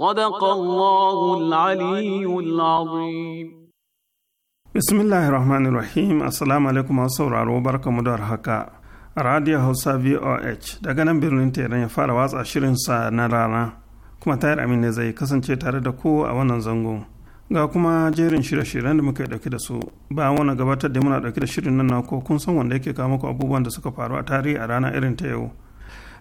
صدق الله العلي العظيم bismillahi rahmanir rahim assalamu alaikum masu sauraro barkamu da haka radiyo hausa voh daga nan birnin teran ya fara watsa shirinsa na rana kuma tayar amin ne zai kasance tare da ku a wannan zangon ga kuma jerin shirye-shiryen da muka dauke da su bayan wani gabatar da muna dauke da shirin nan na ko kun san wanda yake kawo muku abubuwan da suka faru a tarihi a rana irin ta yau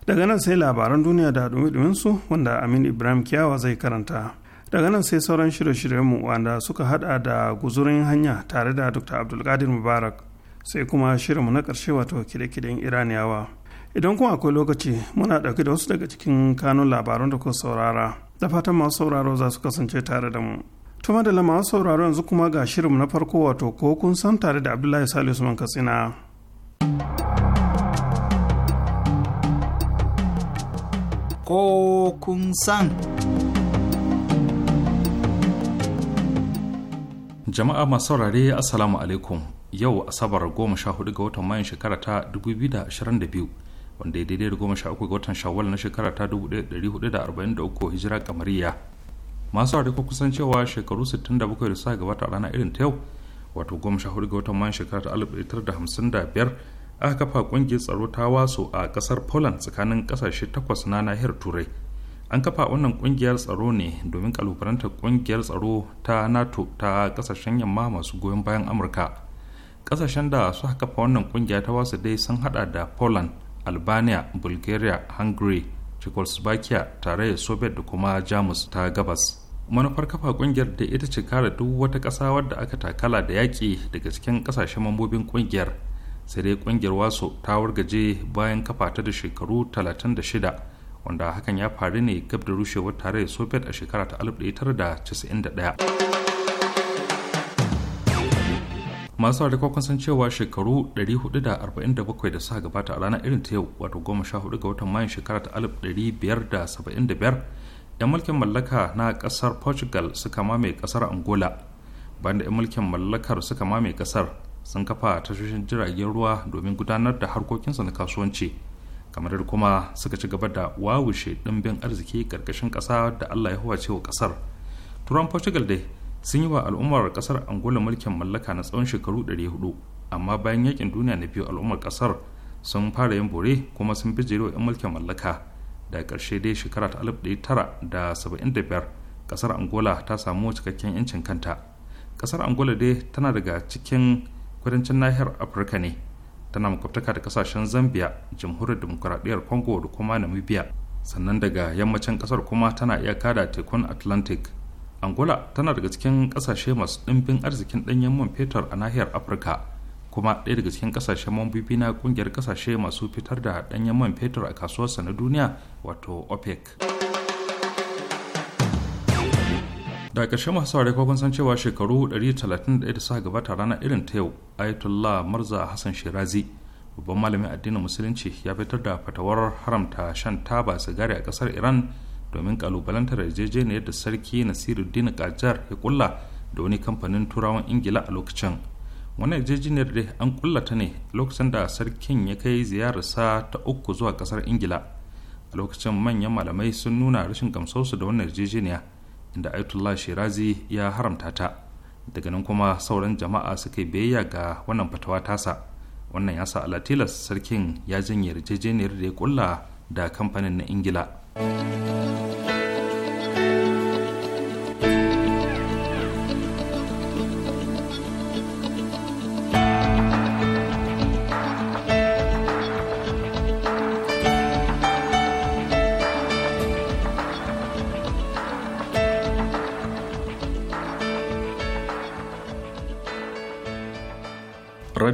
daga nan sai labaran duniya da dumi su wanda amin ibrahim kyawa zai karanta daga nan sai sauran shirye-shiryenmu wanda suka hada da guzurin hanya tare da dr abdulkadir mubarak sai kuma shirinmu na karshe wato kide-kiden iraniyawa idan kuma akwai lokaci muna ɗauki da wasu daga cikin kanun labaran da kuka saurara da fatan masu sauraro za su kasance tare da mu tuma da lama sauraro yanzu kuma ga shirinmu na farko wato ko kun san tare da abdullahi salisu man katsina ko kun san. Jama'a masu saurare Assalamu alaikum yau Asabar goma sha hudu ga watan mayan shekara ta 2022 wanda ya daidai da goma sha uku ga watan Shawwal na shekara ta 1443 hijira kamariya. Masu saurare ko kusan cewa shekaru 67 da suka gabata a rana irin ta yau wato goma sha hudu ga watan mayan shekara ta 1955 aka kafa kungiyar tsaro ta waso a kasar poland tsakanin kasashe takwas na nahiyar turai an kafa wannan kungiyar tsaro ne domin kalubalanta kungiyar tsaro ta nato ta kasashen yamma masu goyon bayan amurka kasashen da suka kafa wannan kungiya ta wasu dai sun hada da poland albania bulgaria hungary czechoslovakia tare da soviet da kuma jamus ta gabas manufar kafa kungiyar da ita ce kare duk wata kasa wadda aka takala da yaƙi daga cikin kasashen mambobin kungiyar sai dai kungiyar wasu ta wargaje bayan kafa ta da shekaru 36 wanda hakan ya faru ne gab da rushewar tarayyar soviet a shekara ta 1991 masu da kwakwan san cewa shekaru 447 da suka gabata a ranar irin ta yau wato 14 ga watan mayun shekara ta 1575 'yan mulkin mallaka na kasar portugal suka mame kasar angola bayan da 'yan mulkin mallakar suka mame kasar sun kafa tashoshin jiragen ruwa domin gudanar da harkokinsa na kasuwanci kamar da kuma suka ci gaba da wawushe ɗimbin arziki ƙarƙashin ƙasa da allah ya huwace wa ƙasar turan portugal dai sun yi wa al'ummar ƙasar angola mulkin mallaka na tsawon shekaru 400 amma bayan yakin duniya na biyu al'ummar ƙasar sun fara yin bore kuma sun bijire wa 'yan mulkin mallaka da ƙarshe dai shekara ta 1975 ƙasar angola ta samu cikakken 'yancin kanta ƙasar angola dai tana daga cikin kudancin nahiyar afirka ne tana makwabtaka da kasashen zambia jamhuriyar demokuraɗiyyar congo da kuma namibia sannan daga yammacin kasar kuma tana iyaka da tekun atlantic angola tana daga cikin kasashe masu ɗimbin arzikin ɗanyen man fetur a nahiyar afirka kuma ɗaya daga cikin kasashen mambobi na ƙungiyar kasashe masu fitar da ɗanyen man fetur a kasuwarsa na duniya wato opec da ƙarshe masu saurari kwakwan san cewa shekaru 131 da suka gabata rana irin ta yau ayatollah marza hassan shirazi babban malamin addinin musulunci ya fitar da fatawar haramta shan taba sigari a ƙasar iran domin kalubalantar yarjejeniyar da sarki nasiruddin kajar ya kulla da wani kamfanin turawan ingila a lokacin wannan yarjejeniyar da an kulla ta ne lokacin da sarkin ya kai ziyararsa ta uku zuwa kasar ingila a lokacin manyan malamai sun nuna rashin gamsarsu da wannan yarjejeniya da Ayatollah Shirazi ya haramta ta daga nan kuma sauran jama'a suka biyayya ga wannan fatawa tasa wannan ya sa alatilas sarkin ya janye yarjejeniyar da ya kulla da kamfanin na ingila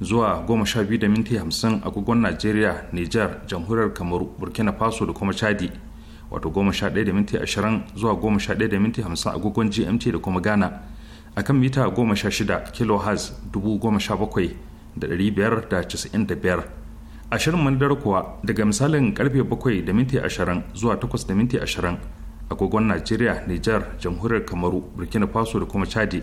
zuwa goma sha biyu da minti agogon najeriya nijar jamhuriyar kamaru burkina faso da kuma chadi wato goma sha ɗaya da zuwa goma sha ɗaya agogon gmt da kuma ghana akan mita goma sha shida kilohertz dubu goma sha bakwai da ɗari biyar da da biyar ashirin mandar kuwa daga misalin karfe bakwai da minti ashirin zuwa takwas da minti ashirin agogon najeriya nijar jamhuriyar kamaru burkina faso da kuma chadi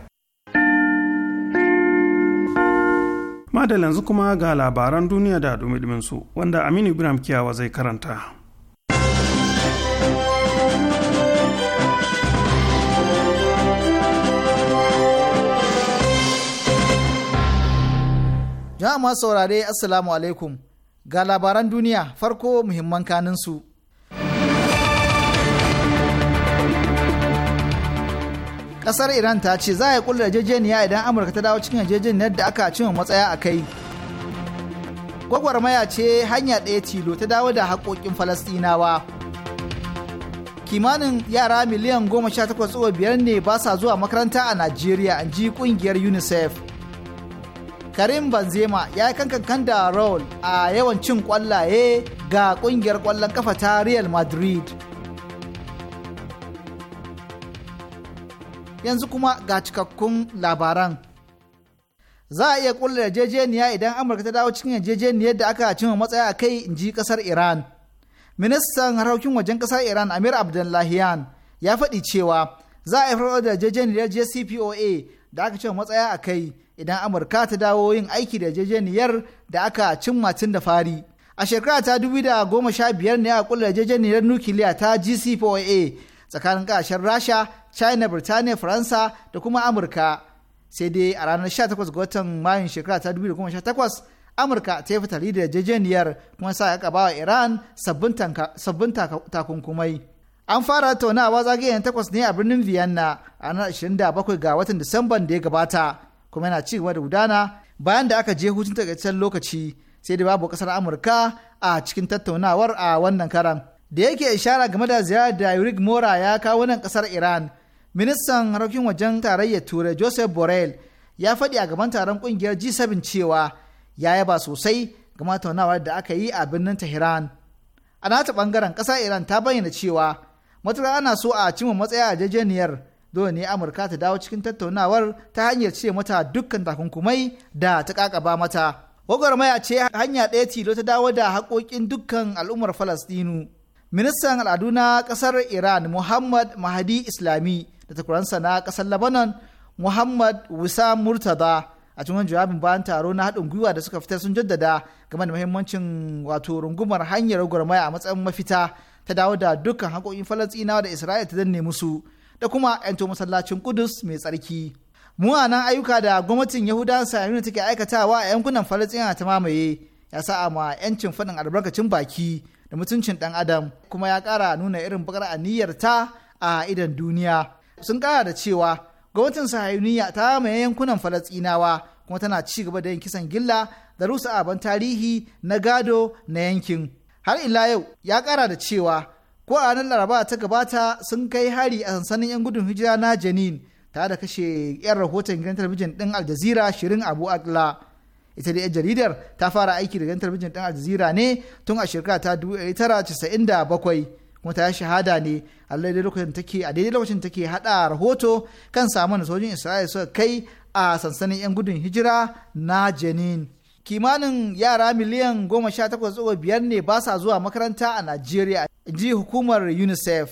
da yanzu kuma ga labaran duniya da dumi su wanda Aminu Ibrahim Kiyawa zai karanta. Jama'a saurare Assalamu alaikum ga labaran duniya farko muhimman kaninsu. kasar iran ta ce za a yi kulla yarjejeniya idan amurka ta dawo cikin yarjejeniyar da aka cimma matsaya a kai gwagwarmaya ce hanya ɗaya tilo ta dawo da haƙoƙin falastinawa kimanin yara miliyan goma sha takwas biyar ne ba sa zuwa makaranta a najeriya an ji ƙungiyar unicef karim banzema ya yi kankan da a yawan cin kwallaye ga ƙungiyar ƙwallon kafa ta real madrid yanzu kuma ga cikakkun labaran. Za a iya kulla yarjejeniya idan Amurka ta dawo cikin yarjejeniyar da aka cimma matsaya a kai in ji kasar Iran. Ministan harkokin wajen ƙasar Iran Amir Abdullahian ya faɗi cewa za a iya da yarjejeniyar JCPOA da aka cimma matsaya a kai idan Amurka ta dawo yin aiki da yarjejeniyar da aka cimma tun da fari. A shekara ta goma sha biyar ne a kulla yarjejeniyar nukiliya ta GCPOA tsakanin ƙasashen Rasha china birtaniya faransa da kuma amurka sai dai a ranar 18 ga watan mayun shekara ta 2018 amurka ta yi fitari da jejeniyar kuma sa aka bawa iran sabbin takunkumai an fara taunawa zagayen takwas ne a birnin vienna a ranar 27 ga watan disamban da ya gabata kuma yana ci gaba da gudana bayan da aka je hutun takaitaccen lokaci sai da babu kasar amurka a cikin tattaunawar a wannan karan da yake ishara game da ziyarar da yurik mora ya kawo nan kasar iran ministan harkokin wajen tarayyar turai joseph borrell ya faɗi a gaban taron ƙungiyar g7 cewa ya yaba sosai ga mataunawar da aka yi a birnin tehran a nata ɓangaren ƙasa iran ta bayyana cewa matuƙa ana so a cimma matsaya a jejeniyar dole ne amurka ta dawo cikin tattaunawar ta hanyar ce mata dukkan takunkumai da ta ƙaƙaba mata gwagwarmaya ce hanya ɗaya tilo ta dawo da haƙoƙin dukkan al'ummar falastinu ministan al'adu na ƙasar iran muhammad mahadi islami da takwaransa na kasar Lebanon Muhammad Wisa murtaza a cikin jawabin bayan taro na haɗin gwiwa da suka fitar sun jaddada game da muhimmancin wato rungumar hanyar gwarmaya a matsayin mafita ta dawo da dukkan haƙoƙin Falastinawa da Isra'ila ta danne musu da kuma 'yanto masallacin Kudus mai tsarki. mu nan ayyuka da gwamnatin yahudawan sahiyuna take aikatawa a yankunan falastina ta mamaye ya sa ma yancin faɗin albarkacin baki da mutuncin ɗan adam kuma ya ƙara nuna irin bakar aniyar ta a idan duniya sun kara da cewa gwamnatin sahayuniya ta maye yankunan Falasinawa kuma tana ci gaba da yin kisan gilla da rusa aban tarihi na gado na yankin har ila yau ya kara da cewa ko a ranar laraba ta gabata sun kai hari a sansanin yan gudun hijira na janin tare da kashe yan rahoton gidan talabijin din aljazira shirin abu akla ita da jaridar ta fara aiki da gidan talabijin din aljazeera ne tun a shekara ta 1997 kuma ta shahada ne a daidai lokacin take a daidai lokacin take hada rahoto kan samun da sojin Isra'ila suka kai a sansanin 'yan gudun hijira na Jenin. Kimanin yara miliyan 18,5 ne ba sa zuwa makaranta a Najeriya, ji hukumar UNICEF.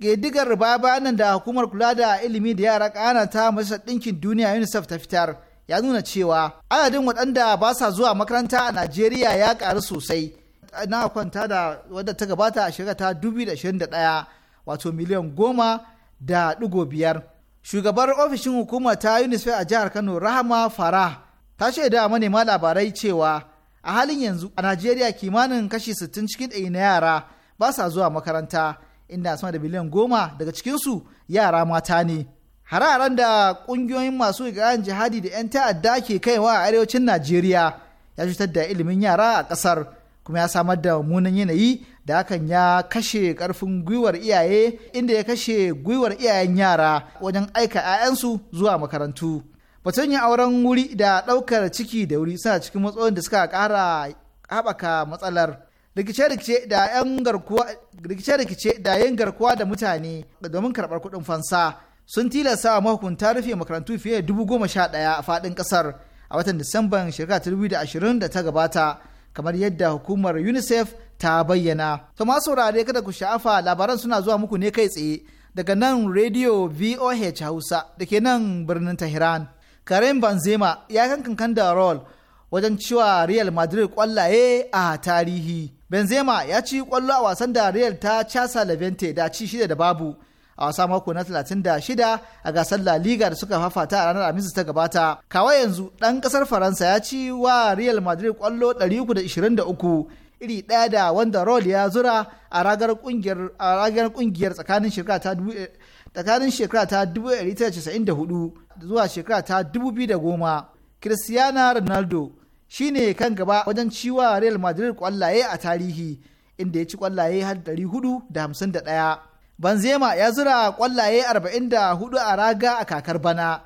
Ƙididdigar baya nan da hukumar kula da ilimi da yara ƙana ta Majalisar Ɗinkin Duniya UNICEF ta fitar ya nuna cewa adadin waɗanda ba sa zuwa makaranta a Najeriya ya ƙaru sosai. na kwanta da wadda ta gabata a shekara ta 2021 wato miliyan goma da digo biyar. Shugabar ofishin hukumar ta UNICEF a jihar Kano Rahama Farah ta shaida manema labarai cewa a halin yanzu a Najeriya kimanin kashi 60 cikin ɗari na yara ba sa zuwa makaranta inda sama da miliyan goma daga cikinsu yara mata ne. Hararen da ƙungiyoyin masu gayan jihadi da 'yan ta'adda ke kaiwa a arewacin Najeriya ya cutar da ilimin yara a ƙasar. kuma ya samar da munin yanayi da hakan ya kashe karfin gwiwar iyaye inda ya kashe gwiwar iyayen yara wajen aika 'ya'yansu zuwa makarantu batun yin auren wuri da daukar ciki da wuri suna cikin matsayin da suka kara haɓaka matsalar rikice-rikice da 'yan garkuwa da mutane domin karɓar kuɗin fansa sun tilasta wa mahukunta rufe makarantu fiye da dubu goma sha ɗaya a faɗin ƙasar a watan disamban shekara ta da ashirin da ta gabata kamar yadda hukumar unicef ta bayyana to ma saurare kada ku sha'afa labaran suna zuwa muku ne kai tsaye daga nan radio voh hausa da ke nan birnin tehran karim banzema ya kankan da rol wajen cewa real madrid kwallaye a tarihi benzema ya ci kwallo a wasan da real ta casa levante da ci shida da babu a wasa mako na 36 a gasar La Liga da suka fafata a ranar Alhamis ta gabata. Kawa yanzu ɗan ƙasar Faransa ya ci wa Real Madrid kwallo 323 iri ɗaya da wanda Rod ya zura a ragar ƙungiyar tsakanin shekara ta tsakanin shekara ta 1994 zuwa shekara ta 2010 Cristiano Ronaldo shine kan gaba wajen ciwa Real Madrid kwallaye a tarihi inda ya ci kwallaye har 451 Banzema ya zura kwallaye 44 a raga a kakar bana.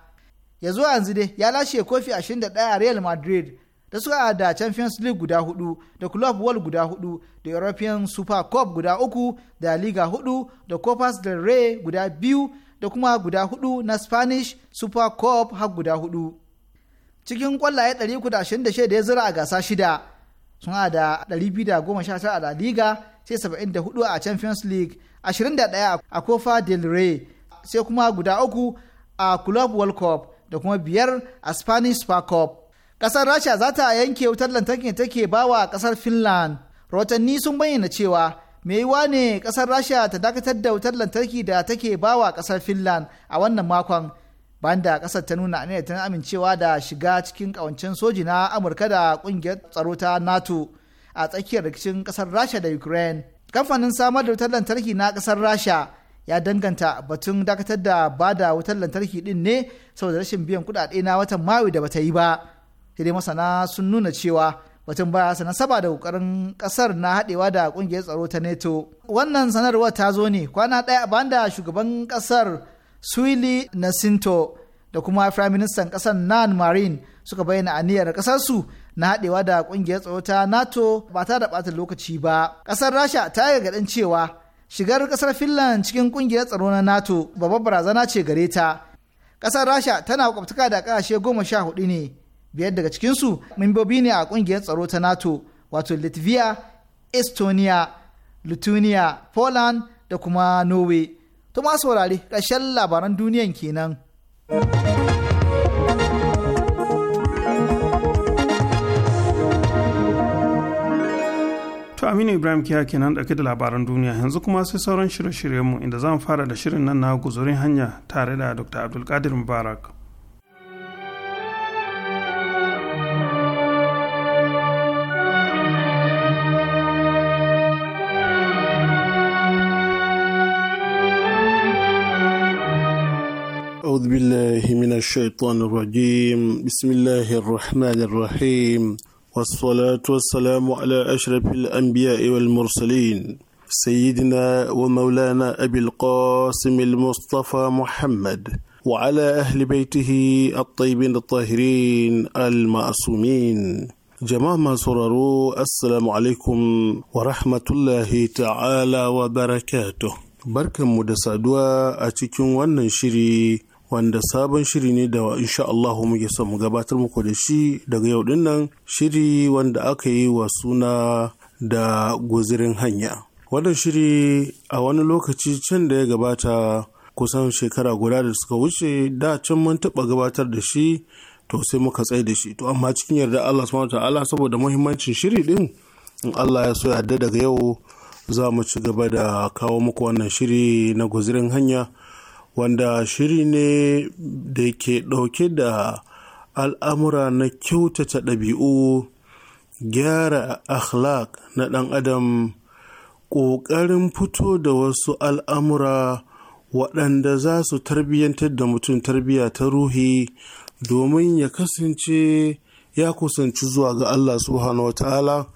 Ya zuwa yanzu dai ya lashe kofi 21 a Real Madrid da suka da Champions League guda hudu da Club World guda hudu da European Super Cup guda uku da Liga hudu da Copas del Rey guda biyu da kuma guda hudu na Spanish Super Cup har guda hudu. Cikin kwallaye 326 da ya zura a gasa shida suna da 219 a Liga sai 74 a Champions League 21 a Copa del Rey sai kuma guda uku a Club World Cup da kuma biyar a Spanish Super Cup. Ƙasar Rasha za ta yanke wutar lantarki da take bawa kasar Finland. Rahotanni sun bayyana cewa me yiwa ne kasar Rasha ta dakatar da wutar lantarki da take bawa kasar Finland a wannan makon. banda kasar ta nuna ne ta amincewa da shiga cikin kawancin soji na amurka da kungiyar tsaro ta nato a tsakiyar rikicin kasar rasha da ukraine kamfanin samar da wutar lantarki na kasar rasha ya danganta batun dakatar da ba da wutar lantarki din ne saboda rashin biyan kudade na watan mayu da bata yi ba sai dai masana sun nuna cewa batun ba baya sana saba da kokarin kasar na hadewa da kungiyar tsaro ta neto wannan sanarwar ta zo ne kwana ɗaya banda da shugaban kasar suili nasinto da kuma firaministan kasar nan marin suka bayyana aniyar kasarsu na haɗewa da ƙungiyar tsaro ta nato ba ta da ɓata lokaci ba ƙasar rasha ta yi gargaɗin cewa shigar ƙasar finland cikin ƙungiyar tsaro na nato babbar barazana ce gare ta ƙasar rasha tana kwaftuka da ƙasashe goma sha hudu ne biyar daga cikinsu membobi ne a ƙungiyar tsaro ta nato wato latvia estonia lithuania poland da kuma norway to masu wurare ƙarshen labaran duniyan kenan. To Aminu Ibrahim Kiya kenan ɗauke da labaran duniya yanzu kuma sai sauran shirye-shiryenmu inda zan fara da shirin nan na guzurin hanya tare da Dr. Abdulkadir Mubarak. أعوذ بالله من الشيطان الرجيم بسم الله الرحمن الرحيم والصلاة والسلام على أشرف الأنبياء والمرسلين سيدنا ومولانا أبي القاسم المصطفى محمد وعلى أهل بيته الطيبين الطاهرين المعصومين jama'a masu sauraro assalamu alaikum wa rahmatullahi ta'ala wa barakatuh barkanmu da saduwa a cikin wannan shiri wanda sabon shiri ne da insha Allah muke son mu gabatar muku da shi daga yau din nan shiri wanda aka yi wa suna da guzirin hanya. Wannan shiri a wani lokaci can da ya gabata kusan shekara guda da suka wuce da can mun taɓa gabatar da shi to sai muka tsaye da shi to amma cikin yarda Allah subhanahu ta'ala saboda muhimmancin shiri din in Allah ya so yarda daga yau za mu ci gaba da kawo muku wannan shiri na guzirin hanya wanda shiri ne da ke ɗauke da al'amura na kyautata ɗabi'u gyara akhlaq na ɗan adam ƙoƙarin fito da wasu al'amura waɗanda za su tarbiyyantar da mutum tarbiyya ta ruhi domin ya kasance ya kusanci zuwa ga Allah subhanahu wa ta'ala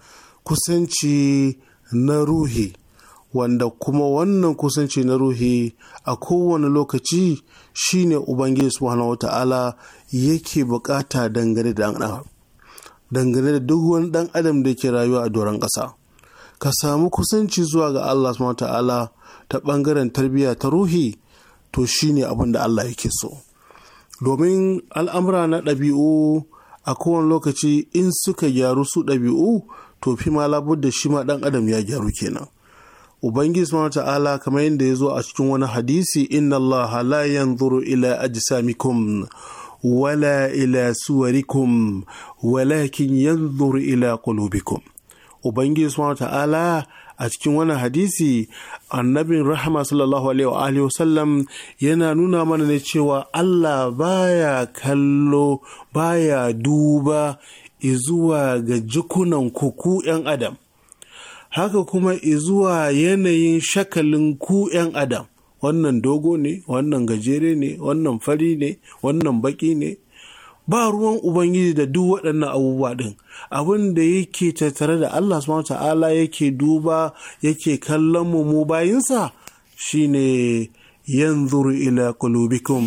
kusanci na ruhi. wanda kuma wannan kusanci na ruhi a kowane lokaci shine ubangiji subhanahu wata'ala yake bukata dangane da dangane da duk wani dan adam da ke rayuwa a doron ƙasa ka samu kusanci zuwa ga allah subhanahu wata'ala ta bangaren tarbiyya ta ruhi to shine abin da allah yake so domin al'amura na ɗabi'u a kowane lokaci in suka gyaru su ɗabi'u to fi ma labar da shi ma ɗan adam ya gyaru kenan ubangiji subhanahu ta'ala kamar yadda ya zo a cikin wani hadisi inna Allah la yanzuru ila ajsamikum wala ila suwarikum walakin yanzuru ila qulubikum ubangiji subhanahu ta'ala a cikin wani hadisi annabin rahama sallallahu alaihi wa sallam yana nuna mana ne cewa Allah baya kallo baya duba izuwa ga jikunan kuku 'yan adam haka kuma zuwa yanayin shakalin ku 'yan adam wannan dogo ne wannan gajere ne wannan fari ne wannan baki ne ba ruwan ubangiji da duk waɗannan abubuwa ɗin abin da yake tattare da allah subhanahu ta'ala yake duba yake kallon mu mu bayinsa shine yanzuru ila qulubikum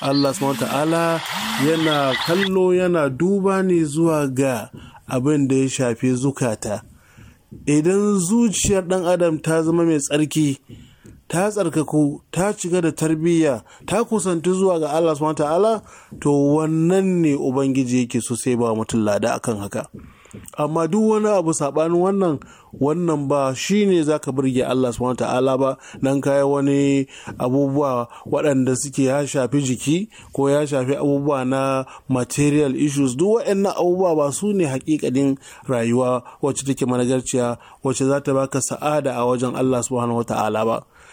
allah subhanahu ta'ala yana kallo yana duba ne zuwa ga abin da ya shafi zukata idan zuciyar ɗan adam ta zama mai tsarki ta tsarkaku ta shiga da tarbiyya ta kusanci zuwa ga Allah subhanahu ta'ala to wannan ne ubangiji yake so sai ba mutum lada akan haka amma duk wani abu saɓanin wannan wannan ba shi ne za ka birge Allah subhanahu ta'ala ba nan kaya wani abubuwa waɗanda suke ya shafi jiki ko ya shafi abubuwa na material issues duk waɗannan abubuwa ba su ne hakikanin rayuwa wacce take managarciya wacce za ta baka sa'ada a wajen Allah subhanahu ta'ala ba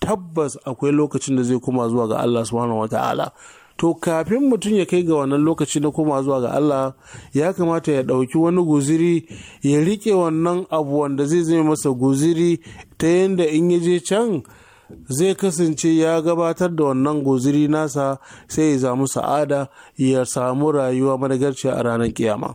tabbas akwai lokacin da zai koma zuwa ga Allah subhanahu wata'ala to kafin mutum ya kai ga wannan lokaci na koma zuwa ga Allah ya kamata ya ɗauki wani guziri ya rike wannan abu wanda zai zai masa guziri ta yadda in ya je can zai kasance ya gabatar da wannan guziri nasa sai ya samu sa'ada ya samu rayuwa managarci a ranar kiyama.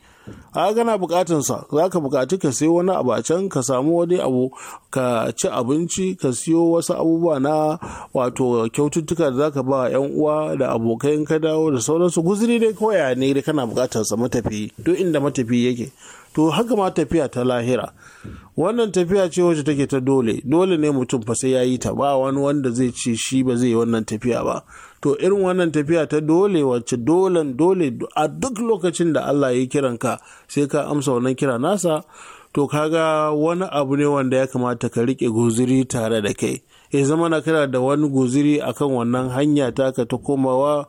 a kana bukatunsa za ka bukaci ka sayo wani abu a can ka samu wani abu ka ci abinci ka siyo wasu abubuwa na wato kyaututtuka da za ka ba yan uwa da abokan ka dawo da sauransu guzuri dai koya ne da kana sa matafi duk inda matafi yake to haka ma tafiya ta lahira wannan tafiya ce wacce take ta dole dole ne mutum fa sai ya yi ta ba wani wanda zai ce shi ba zai yi wannan tafiya ba to irin wannan tafiya ta dole wacce dolen dole a duk lokacin da Allah ya kiran ka sai ka amsa wannan kira nasa to kaga wani abu ne wanda ya kamata ka rike guziri tare da kai ya zama na kana da wani guziri akan wannan hanya taka ta komawa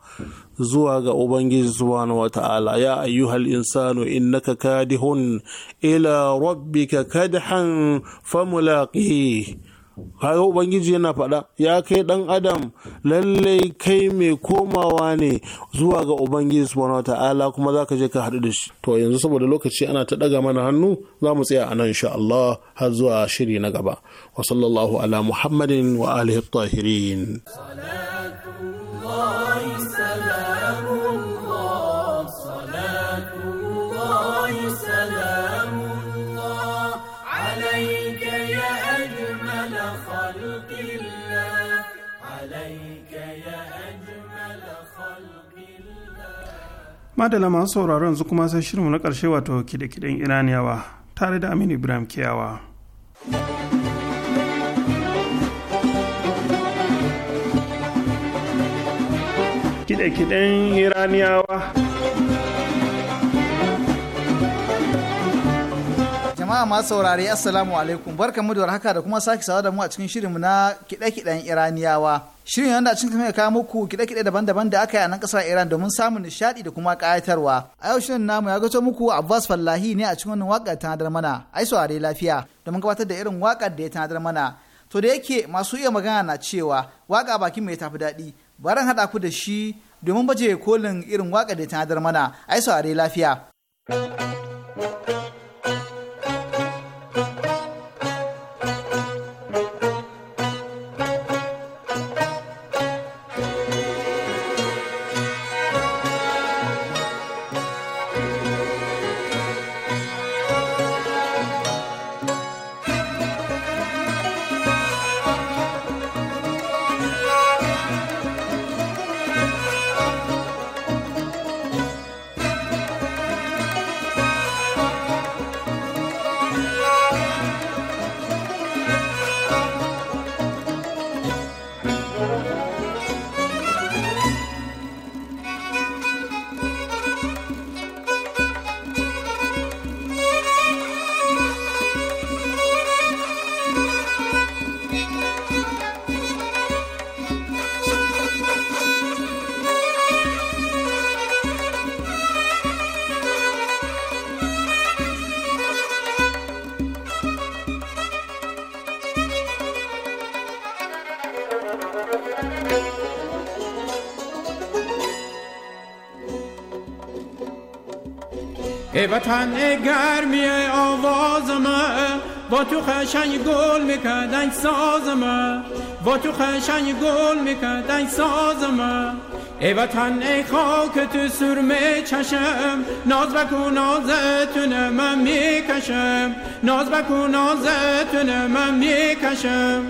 zuwa ga ubangiji subhanahu wa ta'ala ya ayyuhal insanu innaka kadihun ila rabbika kadhan famulaqih kaga ubangiji yana faɗa ya kai ɗan adam lallai kai mai komawa ne zuwa ga ubangiji subhanahu ta'ala kuma za ka je ka haɗu da shi to yanzu saboda lokaci ana ta ɗaga mana hannu za mu tsaya a nan insha Allah har zuwa shiri na gaba wa sallallahu ala muhammadin wa alihi tahirin madala masu sauraro yanzu kuma sai shirinmu na ƙarshe wato kide-kiden iraniyawa tare da aminu ibrahim kiyawa kide-kiden iraniyawa jama'a masu saurari assalamu alaikum barka mu da warhaka da kuma sake sawa da mu a cikin shirinmu na kiɗe-kiɗen iraniyawa shirin yanda a cikin kamar kawo muku kiɗe-kiɗe daban-daban da aka yi a nan kasar iran domin samun nishaɗi da kuma ƙayatarwa a yau shirin namu ya gato muku abbas fallahi ne a cikin wannan ta tanadar mana ai saurari lafiya domin gabatar da irin waƙar da ya tanadar mana to da yake masu iya magana na cewa waka bakin mai tafi daɗi barin haɗa ku da shi domin baje kolin irin waƙar da ya tanadar mana ai saurari lafiya. ای وطن ای گرمی ای آوازمه با تو خشنگ گل میکردن سازمه با تو خشنگ گل میکردن سازمه ای وطن ای خاک تو سرمه چشم ناز بکو نازتونه من میکشم ناز بکو نازتونه من میکشم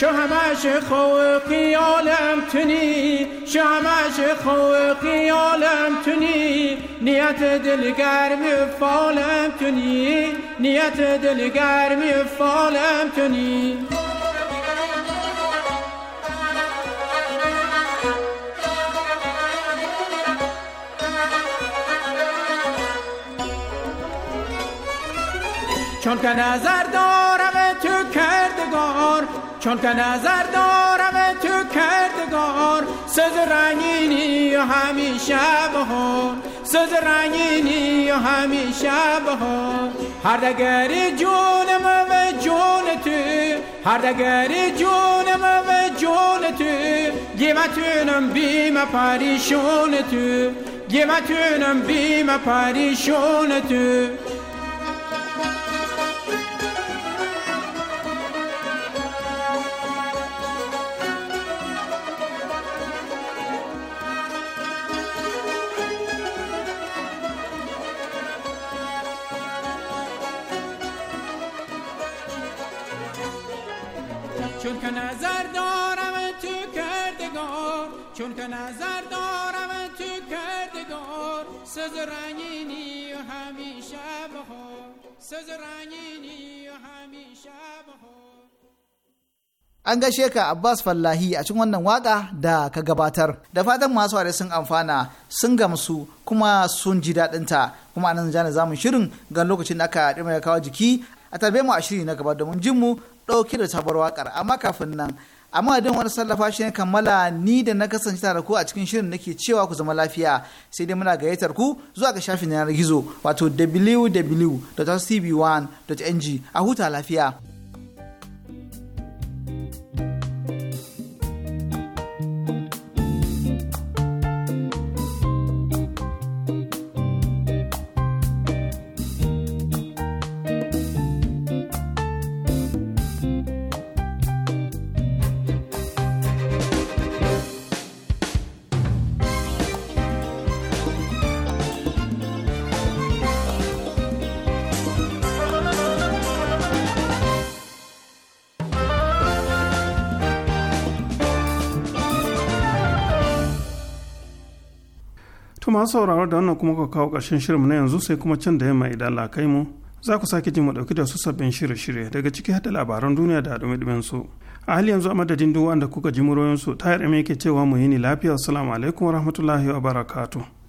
شو همش خوقی عالم تنی شو همش خوقی عالم تنی نیت دلگرم فالم تنی نیت دلگرم فالم تنی چون که نظر دار چون که نظر دارم تو کردگار سز رنگینی و همیشه بهار سز رنگینی و همیشه بهار هر دگری جونم و جون تو هر دگری جونم و جون تو گیمتونم بیم پریشون تو گیمتونم بیم پریشون تو چون که نظر دارم تو کردگار چون که نظر دارم تو کردگار سز رنگینی و همیشه بخور سز رنگینی و همیشه بخور an gaishe ka Abbas Fallahi a cikin wannan waka da ka gabatar. Da fatan masu ware sun amfana, sun gamsu kuma sun ji daɗin Kuma anan zana zamun shirin ga lokacin da aka ɗima kawo jiki a tarbe mu a shiri na gaba domin jin mu ɗauke da sabuwar wakar amma kafin nan amma din wani sallafa shi ne kammala ni da na kasance tare ku a cikin shirin nake cewa ku zama lafiya sai dai muna gayyatar ku zuwa ga shafin yanar gizo wato www.tv1.ng a huta lafiya. masu sauraro da wannan kuma ka kawo ƙarshen shirinmu na yanzu sai kuma can da yamma idan lakai mu za ku sake jin mu ɗauki da su sabbin shirye-shirye daga ciki hada labaran duniya da dumi su. A hali yanzu a madadin duk wanda kuka ji muryoyin su ta yarda ke cewa mu yi ni lafiya assalamu alaikum wa barakatu.